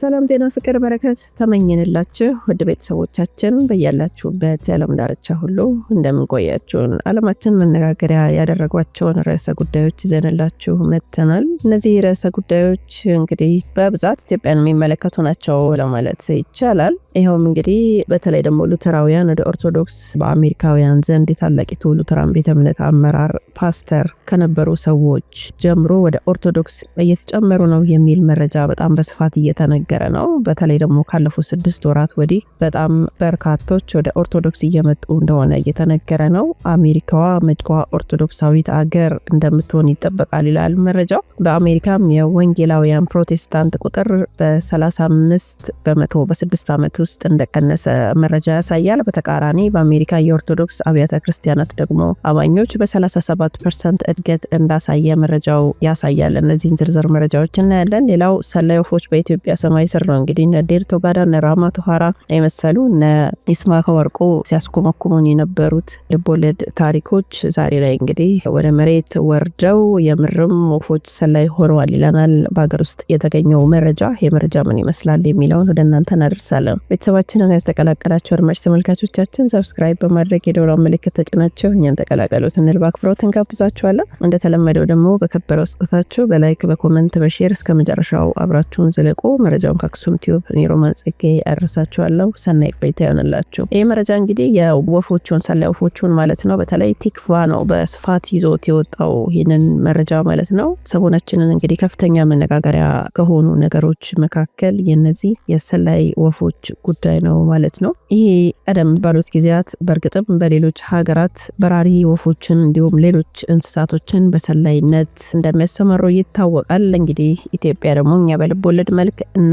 ሰላም፣ ጤና፣ ፍቅር፣ በረከት ተመኝንላችሁ ውድ ቤተሰቦቻችን በያላችሁበት የዓለም ዳርቻ ሁሉ እንደምንቆያችሁን ዓለማችን መነጋገሪያ ያደረጓቸውን ርዕሰ ጉዳዮች ይዘንላችሁ መጥተናል። እነዚህ ርዕሰ ጉዳዮች እንግዲህ በብዛት ኢትዮጵያን የሚመለከቱ ናቸው ለማለት ይቻላል። ይኸውም እንግዲህ በተለይ ደግሞ ሉተራውያን ወደ ኦርቶዶክስ በአሜሪካውያን ዘንድ የታላቂቱ ሉተራን ቤተ እምነት አመራር ፓስተር ከነበሩ ሰዎች ጀምሮ ወደ ኦርቶዶክስ እየተጨመሩ ነው የሚል መረጃ በጣም በስፋት እየተነገረ ነው። በተለይ ደግሞ ካለፉት ስድስት ወራት ወዲህ በጣም በርካቶች ወደ ኦርቶዶክስ እየመጡ እንደሆነ እየተነገረ ነው። አሜሪካዋ ምድቋ ኦርቶዶክሳዊት አገር እንደምትሆን ይጠበቃል ይላል መረጃው። በአሜሪካም የወንጌላውያን ፕሮቴስታንት ቁጥር በ35 በመቶ በስድስት ዓመት ውስጥ እንደቀነሰ መረጃ ያሳያል። በተቃራኒ በአሜሪካ የኦርቶዶክስ አብያተ ክርስቲያናት ደግሞ አማኞች በ37 ፐርሰንት እድገት እንዳሳየ መረጃው ያሳያል። እነዚህን ዝርዝር መረጃዎች እናያለን። ሌላው ሰላይ ወፎች በኢትዮጵያ ሰማይ ስር ነው። እንግዲህ እነ ዴርቶ ጋዳ እነ ራማ ቶሃራ የመሰሉ እነ ይስማከ ወርቆ ሲያስኮመኩሙን የነበሩት ልቦለድ ታሪኮች ዛሬ ላይ እንግዲህ ወደ መሬት ወርደው የምርም ወፎች ሰላይ ሆነዋል ይለናል በሀገር ውስጥ የተገኘው መረጃ። ይሄ መረጃ ምን ይመስላል የሚለውን ወደ እናንተ እናደርሳለን። ቤተሰባችንን ያልተቀላቀላችሁ አድማጭ ተመልካቾቻችን ሰብስክራይብ በማድረግ የደወል ምልክት ተጭናቸው እኛን ተቀላቀሉ ስንል በአክብሮት እንጋብዛችኋለን። እንደተለመደው ደግሞ በከበረው ስጦታችሁ በላይክ በኮመንት በሼር እስከ መጨረሻው አብራችሁን ዝለቁ። መረጃውን ከአክሱም ቲዩብ ኒሮማን ጽጌ ያደርሳችኋለሁ። ሰናይ ቆይታ ይሆንላችሁ። ይህ መረጃ እንግዲህ የወፎቹን ሰላይ ወፎቹን ማለት ነው በተለይ ቲክቫ ነው በስፋት ይዞት የወጣው ይህንን መረጃ ማለት ነው። ሰሞናችንን እንግዲህ ከፍተኛ መነጋገሪያ ከሆኑ ነገሮች መካከል የነዚህ የሰላይ ወፎች ጉዳይ ነው ማለት ነው። ይሄ ቀደም ባሉት ጊዜያት በእርግጥም በሌሎች ሀገራት በራሪ ወፎችን እንዲሁም ሌሎች እንስሳቶችን በሰላይነት እንደሚያሰማሩ ይታወቃል። እንግዲህ ኢትዮጵያ ደግሞ እኛ በልብ ወለድ መልክ እና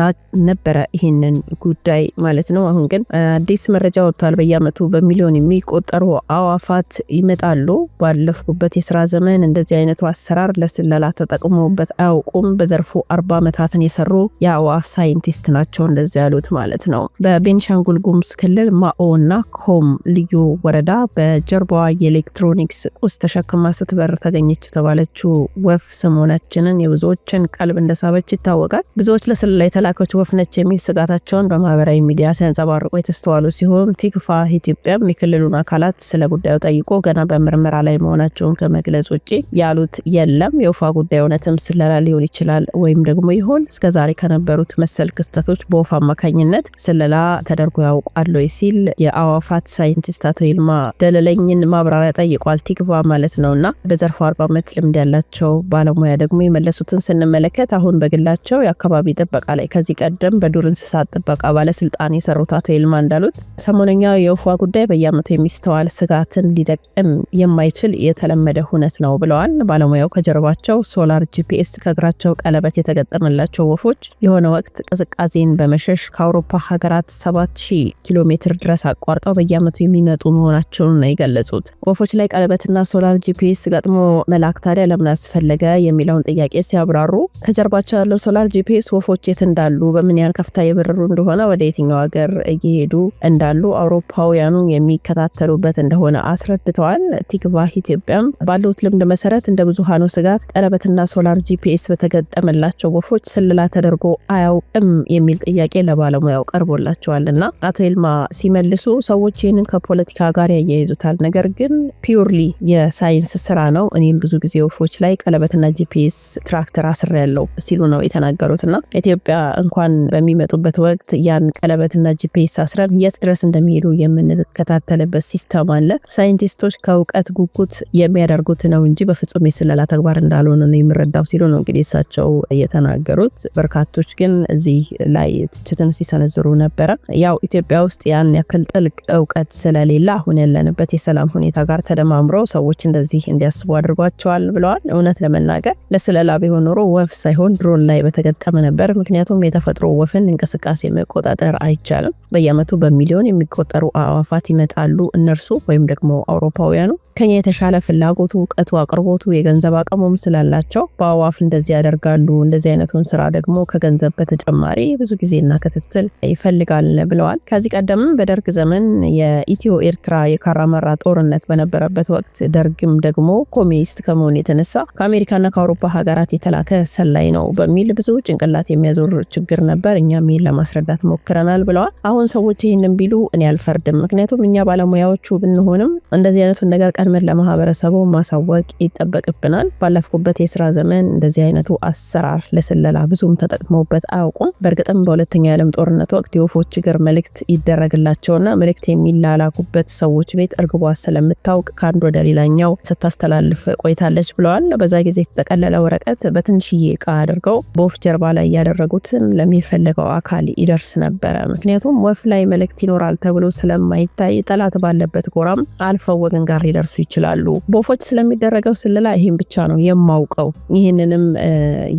ነበረ ይህንን ጉዳይ ማለት ነው። አሁን ግን አዲስ መረጃ ወጥቷል። በየአመቱ በሚሊዮን የሚቆጠሩ አዋፋት ይመጣሉ። ባለፍኩበት የስራ ዘመን እንደዚህ አይነቱ አሰራር ለስለላ ተጠቅሞበት አያውቁም። በዘርፉ አርባ ዓመታትን የሰሩ የአዋፍ ሳይንቲስት ናቸው እንደዚህ ያሉት ማለት ነው። በቤንሻንጉል ጉሙዝ ክልል ማኦ እና ኮም ልዩ ወረዳ በጀርባዋ የኤሌክትሮኒክስ ቁስ ተሸክማ ስትበር ተገኘች የተባለችው ወፍ ሰሞናችንን የብዙዎችን ቀልብ እንደሳበች ይታወቃል። ብዙዎች ለስለላ የተላከች ወፍ ነች የሚል ስጋታቸውን በማህበራዊ ሚዲያ ሲያንጸባርቁ የተስተዋሉ ሲሆን ቲክፋ ኢትዮጵያም የክልሉን አካላት ስለ ጉዳዩ ጠይቆ ገና በምርመራ ላይ መሆናቸውን ከመግለጽ ውጭ ያሉት የለም። የወፏ ጉዳይ እውነትም ስለላ ሊሆን ይችላል ወይም ደግሞ ይሆን እስከዛሬ ከነበሩት መሰል ክስተቶች በወፍ አማካኝነት ስለ ከለላ ተደርጎ ያውቃል ወይ ሲል የአዋፋት ሳይንቲስት አቶ ይልማ ደለለኝን ማብራሪያ ጠይቋል። ቲግቫ ማለት ነው እና በዘርፉ አርባ ዓመት ልምድ ያላቸው ባለሙያ ደግሞ የመለሱትን ስንመለከት አሁን በግላቸው የአካባቢ ጥበቃ ላይ ከዚህ ቀደም በዱር እንስሳት ጥበቃ ባለስልጣን የሰሩት አቶ ይልማ እንዳሉት ሰሞነኛው የወፏ ጉዳይ በየዓመቱ የሚስተዋል ስጋትን ሊደቅም የማይችል የተለመደ ሁነት ነው ብለዋል። ባለሙያው ከጀርባቸው ሶላር ጂፒኤስ ከእግራቸው ቀለበት የተገጠመላቸው ወፎች የሆነ ወቅት ቅዝቃዜን በመሸሽ ከአውሮፓ ሀገራት ሰባት ሺ ኪሎ ሜትር ድረስ አቋርጠው በየዓመቱ የሚመጡ መሆናቸውን ነው የገለጹት። ወፎች ላይ ቀለበትና ሶላር ጂፒኤስ ገጥሞ መላክ ታዲያ ለምን አስፈለገ የሚለውን ጥያቄ ሲያብራሩ ከጀርባቸው ያለው ሶላር ጂፒኤስ ወፎች የት እንዳሉ፣ በምን ያህል ከፍታ የበረሩ እንደሆነ፣ ወደ የትኛው ሀገር እየሄዱ እንዳሉ አውሮፓውያኑ የሚከታተሉበት እንደሆነ አስረድተዋል። ቲክቫህ ኢትዮጵያም ባለውት ልምድ መሰረት እንደ ብዙሃኑ ስጋት ቀለበትና ሶላር ጂፒኤስ በተገጠመላቸው ወፎች ስልላ ተደርጎ አያውቅም የሚል ጥያቄ ለባለሙያው ቀርቦላል ይመልሱላቸዋል እና አቶ ይልማ ሲመልሱ ሰዎች ይህንን ከፖለቲካ ጋር ያያይዙታል። ነገር ግን ፒውርሊ የሳይንስ ስራ ነው። እኔም ብዙ ጊዜ ወፎች ላይ ቀለበትና ጂፒኤስ ትራክተር አስራ ያለው ሲሉ ነው የተናገሩት እና ኢትዮጵያ እንኳን በሚመጡበት ወቅት ያን ቀለበትና ጂፒኤስ አስረን የት ድረስ እንደሚሄዱ የምንከታተልበት ሲስተም አለ። ሳይንቲስቶች ከእውቀት ጉጉት የሚያደርጉት ነው እንጂ በፍጹም የስለላ ተግባር እንዳልሆነ ነው የምረዳው ሲሉ ነው እንግዲህ እሳቸው የተናገሩት። በርካቶች ግን እዚህ ላይ ትችትን ሲሰነዝሩ ነበር። ነበረ። ያው ኢትዮጵያ ውስጥ ያን ያክል ጥልቅ እውቀት ስለሌለ አሁን ያለንበት የሰላም ሁኔታ ጋር ተደማምሮ ሰዎች እንደዚህ እንዲያስቡ አድርጓቸዋል ብለዋል። እውነት ለመናገር ለስለላ ቢሆን ኖሮ ወፍ ሳይሆን ድሮን ላይ በተገጠመ ነበር። ምክንያቱም የተፈጥሮ ወፍን እንቅስቃሴ መቆጣጠር አይቻልም። በየአመቱ በሚሊዮን የሚቆጠሩ አዕዋፋት ይመጣሉ እነርሱ ወይም ደግሞ አውሮፓውያኑ ከኛ የተሻለ ፍላጎቱ፣ እውቀቱ፣ አቅርቦቱ፣ የገንዘብ አቅሙም ስላላቸው በአዋፍ እንደዚህ ያደርጋሉ። እንደዚህ አይነቱን ስራ ደግሞ ከገንዘብ በተጨማሪ ብዙ ጊዜና ክትትል ይፈልጋል ብለዋል። ከዚህ ቀደምም በደርግ ዘመን የኢትዮ ኤርትራ የካራመራ ጦርነት በነበረበት ወቅት ደርግም ደግሞ ኮሚኒስት ከመሆን የተነሳ ከአሜሪካና ከአውሮፓ ሀገራት የተላከ ሰላይ ነው በሚል ብዙ ጭንቅላት የሚያዞር ችግር ነበር። እኛም ይህን ለማስረዳት ሞክረናል ብለዋል። አሁን ሰዎች ይህንን ቢሉ እኔ አልፈርድም። ምክንያቱም እኛ ባለሙያዎቹ ብንሆንም እንደዚህ አይነቱን ነገር ቀድመን ለማህበረሰቡ ማሳወቅ ይጠበቅብናል። ባለፍኩበት የስራ ዘመን እንደዚህ አይነቱ አሰራር ለስለላ ብዙም ተጠቅመውበት አያውቁም። በእርግጥም በሁለተኛ የዓለም ጦርነት ወቅት የወፎች እግር መልእክት ይደረግላቸውና መልእክት የሚላላኩበት ሰዎች ቤት እርግቧ ስለምታውቅ ከአንድ ወደ ሌላኛው ስታስተላልፍ ቆይታለች ብለዋል። በዛ ጊዜ የተጠቀለለ ወረቀት በትንሽዬ እቃ አድርገው በወፍ ጀርባ ላይ ያደረጉትን ለሚፈለገው አካል ይደርስ ነበረ። ምክንያቱም ወፍ ላይ መልእክት ይኖራል ተብሎ ስለማይታይ ጠላት ባለበት ጎራም አልፈው ወገን ጋር ይደርሱ ይችላሉ። በወፎች ስለሚደረገው ስለላ ይህን ብቻ ነው የማውቀው። ይህንንም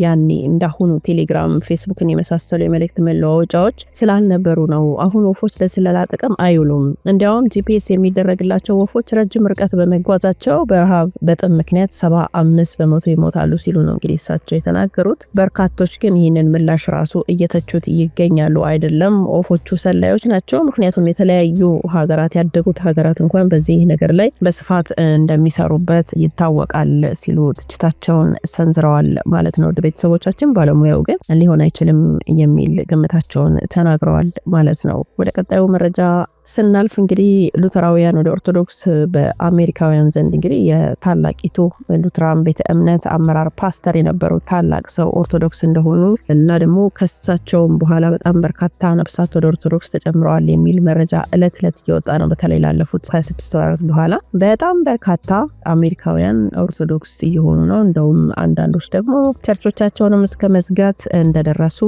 ያኔ እንዳሁኑ ቴሌግራም፣ ፌስቡክን የመሳሰሉ የመልእክት መለዋወጫዎች ስላልነበሩ ነው። አሁን ወፎች ለስለላ ጥቅም አይውሉም። እንዲያውም ጂፒኤስ የሚደረግላቸው ወፎች ረጅም ርቀት በመጓዛቸው በረሃብ በጥም ምክንያት ሰባ አምስት በመቶ ይሞታሉ ሲሉ ነው እንግዲህ እሳቸው የተናገሩት። በርካቶች ግን ይህንን ምላሽ ራሱ እየተቹት ይገኛሉ። አይደለም ወፎቹ ሰላዮች ናቸው። ምክንያቱም የተለያዩ ሀገራት ያደጉት ሀገራት እንኳን በዚህ ነገር ላይ በስፋት በስፋት እንደሚሰሩበት ይታወቃል ሲሉ ትችታቸውን ሰንዝረዋል ማለት ነው። ውድ ቤተሰቦቻችን ባለሙያው ግን ሊሆን አይችልም የሚል ግምታቸውን ተናግረዋል ማለት ነው። ወደ ቀጣዩ መረጃ ስናልፍ እንግዲህ ሉተራውያን ወደ ኦርቶዶክስ በአሜሪካውያን ዘንድ እንግዲህ የታላቂቱ ሉትራን ቤተ እምነት አመራር ፓስተር የነበሩ ታላቅ ሰው ኦርቶዶክስ እንደሆኑ እና ደግሞ ከሳቸውም በኋላ በጣም በርካታ ነብሳት ወደ ኦርቶዶክስ ተጨምረዋል የሚል መረጃ እለት እለት እየወጣ ነው። በተለይ ላለፉት 26 ወራት በኋላ በጣም በርካታ አሜሪካውያን ኦርቶዶክስ እየሆኑ ነው። እንደውም አንዳንዶች ደግሞ ቸርቾቻቸውንም እስከ መዝጋት እንደደረሱ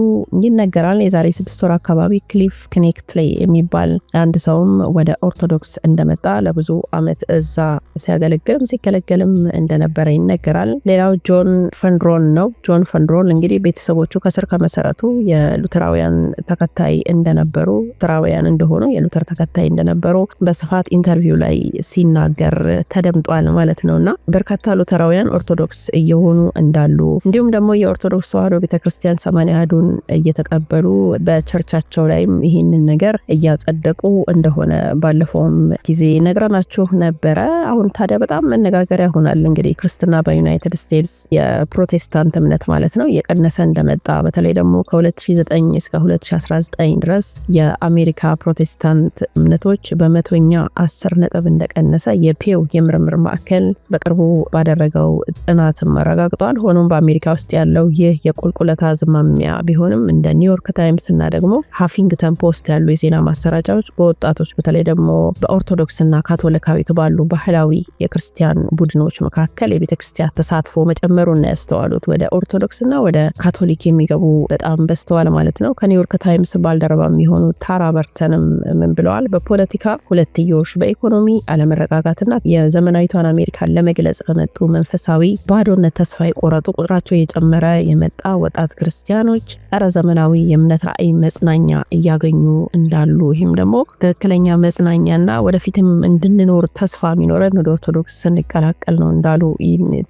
ይነገራል። የዛሬ ስድስት ወር አካባቢ ክሊፍ ክኔክትሌይ የሚባል አንድ ሰው ሰውም ወደ ኦርቶዶክስ እንደመጣ ለብዙ አመት እዛ ሲያገለግልም ሲገለገልም እንደነበረ ይነገራል። ሌላው ጆን ፈንድሮን ነው። ጆን ፈንድሮን እንግዲህ ቤተሰቦቹ ከስር ከመሰረቱ የሉተራውያን ተከታይ እንደነበሩ ሉተራውያን እንደሆኑ የሉተር ተከታይ እንደነበሩ በስፋት ኢንተርቪው ላይ ሲናገር ተደምጧል ማለት ነው። እና በርካታ ሉተራውያን ኦርቶዶክስ እየሆኑ እንዳሉ እንዲሁም ደግሞ የኦርቶዶክስ ተዋህዶ ቤተክርስቲያን ሰማንያ አሐዱን እየተቀበሉ በቸርቻቸው ላይም ይህንን ነገር እያጸደቁ እንደሆነ ባለፈውም ጊዜ ነግረናችሁ ነበረ። አሁን ታዲያ በጣም መነጋገሪያ ሆናል። እንግዲህ ክርስትና በዩናይትድ ስቴትስ የፕሮቴስታንት እምነት ማለት ነው እየቀነሰ እንደመጣ በተለይ ደግሞ ከ2009 እስከ 2019 ድረስ የአሜሪካ ፕሮቴስታንት እምነቶች በመቶኛ 10 ነጥብ እንደቀነሰ የፔው የምርምር ማዕከል በቅርቡ ባደረገው ጥናትም አረጋግጧል። ሆኖም በአሜሪካ ውስጥ ያለው ይህ የቁልቁለት አዝማሚያ ቢሆንም እንደ ኒውዮርክ ታይምስ እና ደግሞ ሀፊንግተን ፖስት ያሉ የዜና ማሰራጫዎች በወ ወጣቶች በተለይ ደግሞ በኦርቶዶክስና ካቶሊካዊ ባሉ ባህላዊ የክርስቲያን ቡድኖች መካከል የቤተ ክርስቲያን ተሳትፎ መጨመሩን ያስተዋሉት ወደ ኦርቶዶክስና ወደ ካቶሊክ የሚገቡ በጣም በስተዋል ማለት ነው። ከኒውዮርክ ታይምስ ባልደረባ የሚሆኑ ታራ በርተንም ምን ብለዋል? በፖለቲካ ሁለትዮሽ፣ በኢኮኖሚ አለመረጋጋትና የዘመናዊቷን አሜሪካን ለመግለጽ በመጡ መንፈሳዊ ባዶነት ተስፋ የቆረጡ ቁጥራቸው የጨመረ የመጣ ወጣት ክርስቲያኖች እረ ዘመናዊ የእምነት ራዕይ መጽናኛ እያገኙ እንዳሉ ይህም ደግሞ ትክክለኛ መጽናኛና ወደፊትም እንድንኖር ተስፋ የሚኖረን ወደ ኦርቶዶክስ ስንቀላቀል ነው እንዳሉ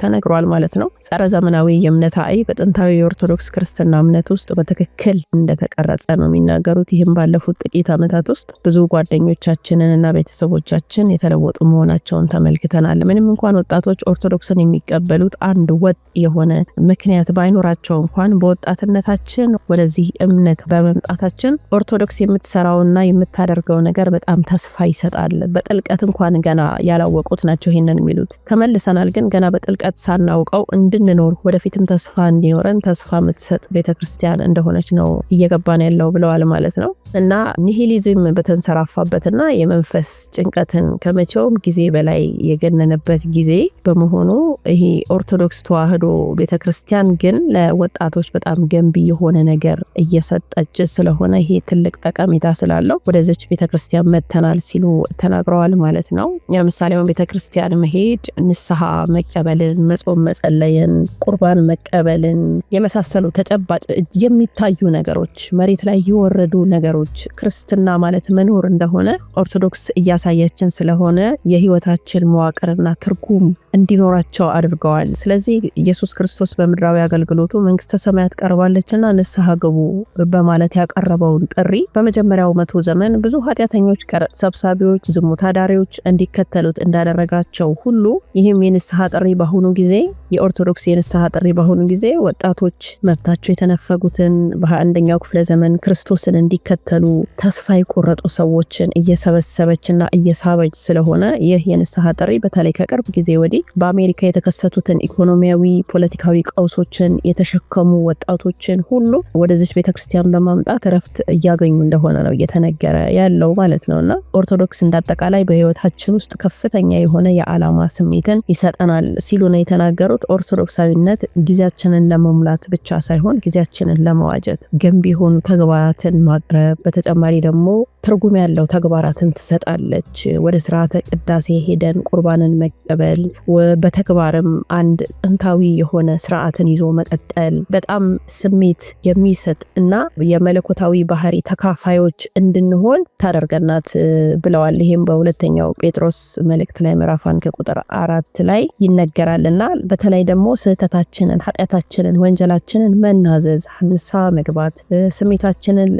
ተነግሯል ማለት ነው። ጸረ ዘመናዊ የእምነት አይ በጥንታዊ የኦርቶዶክስ ክርስትና እምነት ውስጥ በትክክል እንደተቀረጸ ነው የሚናገሩት። ይህም ባለፉት ጥቂት ዓመታት ውስጥ ብዙ ጓደኞቻችንን እና ቤተሰቦቻችን የተለወጡ መሆናቸውን ተመልክተናል። ምንም እንኳን ወጣቶች ኦርቶዶክስን የሚቀበሉት አንድ ወጥ የሆነ ምክንያት ባይኖራቸው እንኳን በወጣትነታችን ወደዚህ እምነት በመምጣታችን ኦርቶዶክስ የምትሰራውና የምታደርገው ነገር በጣም ተስፋ ይሰጣል። በጥልቀት እንኳን ገና ያላወቁት ናቸው ይህንን የሚሉት ተመልሰናል። ግን ገና በጥልቀት ሳናውቀው እንድንኖር ወደፊትም ተስፋ እንዲኖረን ተስፋ የምትሰጥ ቤተክርስቲያን እንደሆነች ነው እየገባን ያለው ብለዋል ማለት ነው። እና ኒሂሊዝም በተንሰራፋበትና የመንፈስ ጭንቀትን ከመቼውም ጊዜ በላይ የገነነበት ጊዜ በመሆኑ ይሄ ኦርቶዶክስ ተዋህዶ ቤተክርስቲያን ግን ለወጣቶች በጣም ገንቢ የሆነ ነገር እየሰጠች ስለሆነ ይሄ ትልቅ ጠቀሜታ ስላለው ወደዚች ቤተክርስቲያን መጥተናል ሲሉ ተናግረዋል ማለት ነው። ለምሳሌውን ቤተክርስቲያን መሄድ ንስሐ መቀበልን፣ መጾም መጸለይን፣ ቁርባን መቀበልን የመሳሰሉ ተጨባጭ የሚታዩ ነገሮች መሬት ላይ የወረዱ ነገሮች ነገሮች ክርስትና ማለት መኖር እንደሆነ ኦርቶዶክስ እያሳየችን ስለሆነ የህይወታችን መዋቅርና ትርጉም እንዲኖራቸው አድርገዋል። ስለዚህ ኢየሱስ ክርስቶስ በምድራዊ አገልግሎቱ መንግስተ ሰማያት ቀርባለችና ንስሐ ግቡ በማለት ያቀረበውን ጥሪ በመጀመሪያው መቶ ዘመን ብዙ ኃጢአተኞች፣ ቀረጥ ሰብሳቢዎች፣ ዝሙት አዳሪዎች እንዲከተሉት እንዳደረጋቸው ሁሉ ይህም የንስሐ ጥሪ በአሁኑ ጊዜ የኦርቶዶክስ የንስሐ ጥሪ በአሁኑ ጊዜ ወጣቶች መብታቸው የተነፈጉትን በአንደኛው ክፍለ ዘመን ክርስቶስን እንዲከተሉ ተስፋ የቆረጡ ሰዎችን እየሰበሰበችና እየሳበች ስለሆነ ይህ የንስሐ ጥሪ በተለይ ከቅርብ ጊዜ ወዲህ በአሜሪካ የተከሰቱትን ኢኮኖሚያዊ፣ ፖለቲካዊ ቀውሶችን የተሸከሙ ወጣቶችን ሁሉ ወደዚች ቤተክርስቲያን በማምጣት እረፍት እያገኙ እንደሆነ ነው እየተነገረ ያለው ማለት ነው እና ኦርቶዶክስ እንዳጠቃላይ በህይወታችን ውስጥ ከፍተኛ የሆነ የዓላማ ስሜትን ይሰጠናል ሲሉ ነው የተናገሩት። ያለሁት ኦርቶዶክሳዊነት ጊዜያችንን ለመሙላት ብቻ ሳይሆን ጊዜያችንን ለመዋጀት ገንቢ የሆኑ ተግባራትን ማቅረብ በተጨማሪ ደግሞ ትርጉም ያለው ተግባራትን ትሰጣለች። ወደ ስርዓተ ቅዳሴ ሄደን ቁርባንን መቀበል በተግባርም አንድ ጥንታዊ የሆነ ስርዓትን ይዞ መቀጠል በጣም ስሜት የሚሰጥ እና የመለኮታዊ ባህሪ ተካፋዮች እንድንሆን ታደርገናት ብለዋል። ይህም በሁለተኛው ጴጥሮስ መልእክት ላይ ምዕራፍ አንድ ከቁጥር አራት ላይ ይነገራል እና በተለይ ደግሞ ስህተታችንን፣ ኃጢአታችንን፣ ወንጀላችንን መናዘዝ፣ ንስሐ መግባት ስሜታችንን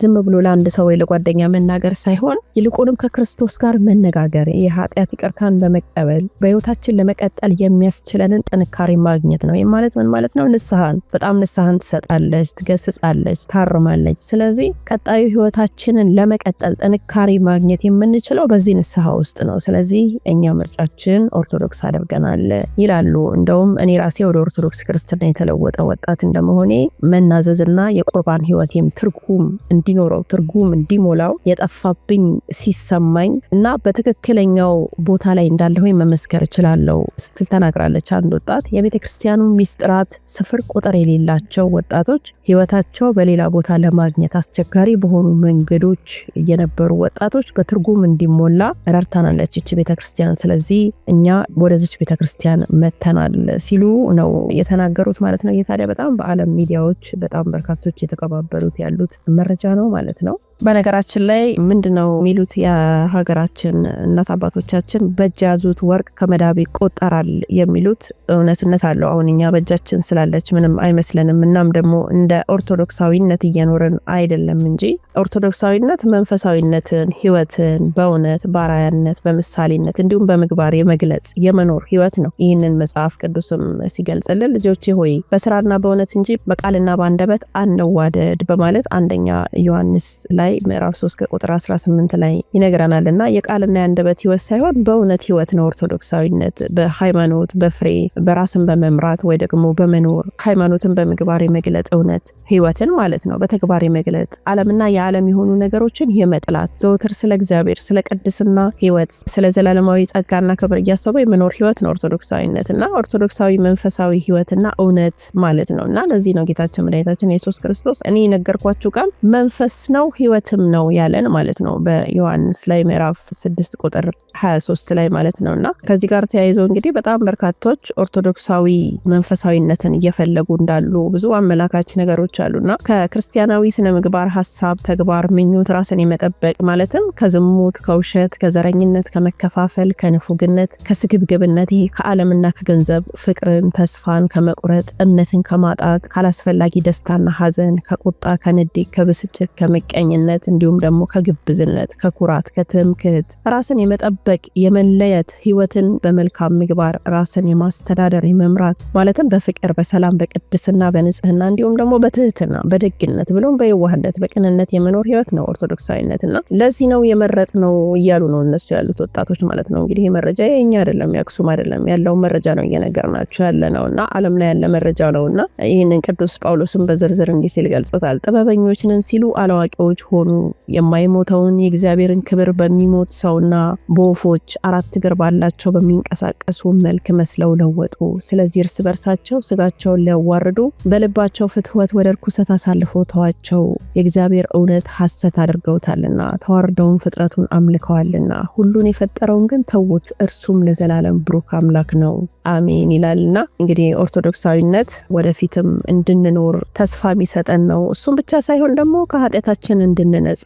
ዝም ብሎ ለአንድ ሰው ወይ ጓደኛ መናገር ሳይሆን ይልቁንም ከክርስቶስ ጋር መነጋገር የኃጢአት ይቅርታን በመቀበል በህይወታችን ለመቀጠል የሚያስችለንን ጥንካሬ ማግኘት ነው። ይህ ማለት ምን ማለት ነው? ንስሐን በጣም ንስሐን ትሰጣለች፣ ትገስጻለች፣ ታርማለች። ስለዚህ ቀጣዩ ህይወታችንን ለመቀጠል ጥንካሬ ማግኘት የምንችለው በዚህ ንስሐ ውስጥ ነው። ስለዚህ እኛ ምርጫችን ኦርቶዶክስ አድርገናል ይላሉ። እንደውም እኔ ራሴ ወደ ኦርቶዶክስ ክርስትና የተለወጠ ወጣት እንደመሆኔ መናዘዝና የቁርባን ህይወቴም ትርጉም እንዲኖረው ትርጉም እንዲሞ ሞላው የጠፋብኝ ሲሰማኝ እና በትክክለኛው ቦታ ላይ እንዳለሁ መመስከር እችላለሁ ስትል ተናግራለች። አንድ ወጣት የቤተ ክርስቲያኑ ሚስጥራት ስፍር ቁጥር የሌላቸው ወጣቶች ህይወታቸው በሌላ ቦታ ለማግኘት አስቸጋሪ በሆኑ መንገዶች የነበሩ ወጣቶች በትርጉም እንዲሞላ ረድታናለች ይቺ ቤተ ክርስቲያን። ስለዚህ እኛ ወደዚች ቤተ ክርስቲያን መተናል ሲሉ ነው የተናገሩት ማለት ነው። ይህ ታዲያ በጣም በዓለም ሚዲያዎች በጣም በርካቶች የተቀባበሉት ያሉት መረጃ ነው ማለት ነው። በነገራችን ላይ ምንድነው የሚሉት የሀገራችን እናት አባቶቻችን በእጅ ያዙት ወርቅ ከመዳብ ይቆጠራል የሚሉት እውነትነት አለው። አሁን እኛ በእጃችን ስላለች ምንም አይመስለንም። እናም ደግሞ እንደ ኦርቶዶክሳዊነት እየኖርን አይደለም እንጂ ኦርቶዶክሳዊነት መንፈሳዊነትን፣ ህይወትን በእውነት ባራያነት፣ በምሳሌነት እንዲሁም በምግባር የመግለጽ የመኖር ህይወት ነው። ይህንን መጽሐፍ ቅዱስም ሲገልጽልን ልጆቼ ሆይ በስራና በእውነት እንጂ በቃልና በአንደበት አንዋደድ በማለት አንደኛ ዮሐንስ ላይ ላይ ምዕራፍ 3 ቁጥር 18 ላይ ይነግረናል እና የቃልና የአንደበት ህይወት ሳይሆን በእውነት ህይወት ነው። ኦርቶዶክሳዊነት በሃይማኖት በፍሬ በራስን በመምራት ወይ ደግሞ በመኖር ሃይማኖትን በምግባር የመግለጥ እውነት ህይወትን ማለት ነው በተግባር የመግለጥ አለምና የዓለም የሆኑ ነገሮችን የመጥላት ዘውትር ስለ እግዚአብሔር ስለ ቅድስና ህይወት ስለ ዘላለማዊ ጸጋና ክብር እያሰበ የመኖር ህይወት ነው ኦርቶዶክሳዊነት እና ኦርቶዶክሳዊ መንፈሳዊ ህይወትና እውነት ማለት ነው እና ለዚህ ነው ጌታችን መድኃኒታችን ኢየሱስ ክርስቶስ እኔ የነገርኳችሁ ቃል መንፈስ ነው ህይወት ህይወትም ነው ያለን ማለት ነው በዮሐንስ ላይ ምዕራፍ ስድስት ቁጥር 23 ላይ ማለት ነው። እና ከዚህ ጋር ተያይዞ እንግዲህ በጣም በርካቶች ኦርቶዶክሳዊ መንፈሳዊነትን እየፈለጉ እንዳሉ ብዙ አመላካች ነገሮች አሉና ከክርስቲያናዊ ስነ ምግባር፣ ሀሳብ፣ ተግባር፣ ምኞት ራስን የመጠበቅ ማለትም ከዝሙት፣ ከውሸት፣ ከዘረኝነት፣ ከመከፋፈል፣ ከንፉግነት፣ ከስግብግብነት ይሄ ከዓለምና ከገንዘብ ፍቅርን፣ ተስፋን ከመቁረጥ፣ እምነትን ከማጣት፣ ካላስፈላጊ ደስታና ሀዘን፣ ከቁጣ፣ ከንዴት፣ ከብስጭት፣ ከመቀኝነት ከብልግነት እንዲሁም ደግሞ ከግብዝነት፣ ከኩራት፣ ከትምክህት ራስን የመጠበቅ የመለየት ህይወትን በመልካም ምግባር ራስን የማስተዳደር የመምራት ማለትም በፍቅር በሰላም በቅድስና በንጽህና እንዲሁም ደግሞ በትህትና በደግነት ብሎም በየዋህነት በቅንነት የመኖር ህይወት ነው ኦርቶዶክሳዊነት እና ለዚህ ነው የመረጥ ነው እያሉ ነው እነሱ ያሉት ወጣቶች ማለት ነው። እንግዲህ መረጃ የኛ አይደለም የአክሱም አይደለም ያለውን መረጃ ነው እየነገር ናቸው ያለ ነው እና አለም ላይ ያለ መረጃ ነው እና ይህንን ቅዱስ ጳውሎስን በዝርዝር እንዲህ ሲል ገልጾታል። ጥበበኞች ነን ሲሉ አላዋቂዎች ሆኑ። የማይሞተውን የእግዚአብሔርን ክብር በሚሞት ሰውና በወፎች አራት እግር ባላቸው በሚንቀሳቀሱ መልክ መስለው ለወጡ። ስለዚህ እርስ በርሳቸው ስጋቸውን ሊያዋርዱ በልባቸው ፍትወት ወደ እርኩሰት አሳልፎ ተዋቸው። የእግዚአብሔር እውነት ሐሰት አድርገውታልና ተዋርደውን ፍጥረቱን አምልከዋልና ሁሉን የፈጠረውን ግን ተዉት፣ እርሱም ለዘላለም ብሩክ አምላክ ነው አሜን ይላልና እንግዲህ ኦርቶዶክሳዊነት ወደፊትም እንድንኖር ተስፋ የሚሰጠን ነው። እሱም ብቻ ሳይሆን ደግሞ ከኃጢአታችን እንድ እንድንነጻ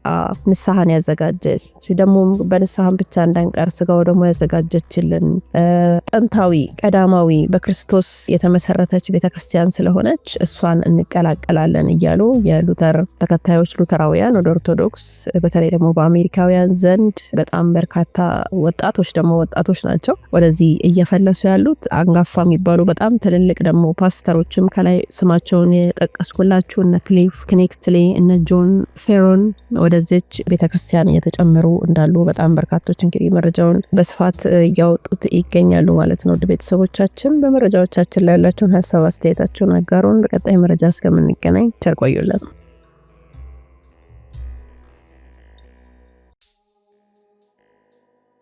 ንስሐን ያዘጋጀች ደግሞ በንስሐን ብቻ እንዳንቀር ስጋው ደግሞ ያዘጋጀችልን ጥንታዊ ቀዳማዊ በክርስቶስ የተመሰረተች ቤተክርስቲያን ስለሆነች እሷን እንቀላቀላለን እያሉ የሉተር ተከታዮች ሉተራውያን ወደ ኦርቶዶክስ በተለይ ደግሞ በአሜሪካውያን ዘንድ በጣም በርካታ ወጣቶች ደግሞ ወጣቶች ናቸው ወደዚህ እየፈለሱ ያሉት አንጋፋ የሚባሉ በጣም ትልልቅ ደግሞ ፓስተሮችም ከላይ ስማቸውን የጠቀስኩላችሁ እነ ክሊፍ ክኔክትሌ እነ ጆን ፌሮን ወደዚች ቤተክርስቲያን እየተጨመሩ እንዳሉ በጣም በርካቶች እንግዲህ መረጃውን በስፋት እያወጡት ይገኛሉ ማለት ነው። ቤተሰቦቻችን በመረጃዎቻችን ላይ ያላችሁን ሀሳብ አስተያየታችሁን አጋሩን። በቀጣይ መረጃ እስከምንገናኝ ቸር ቆዩልን።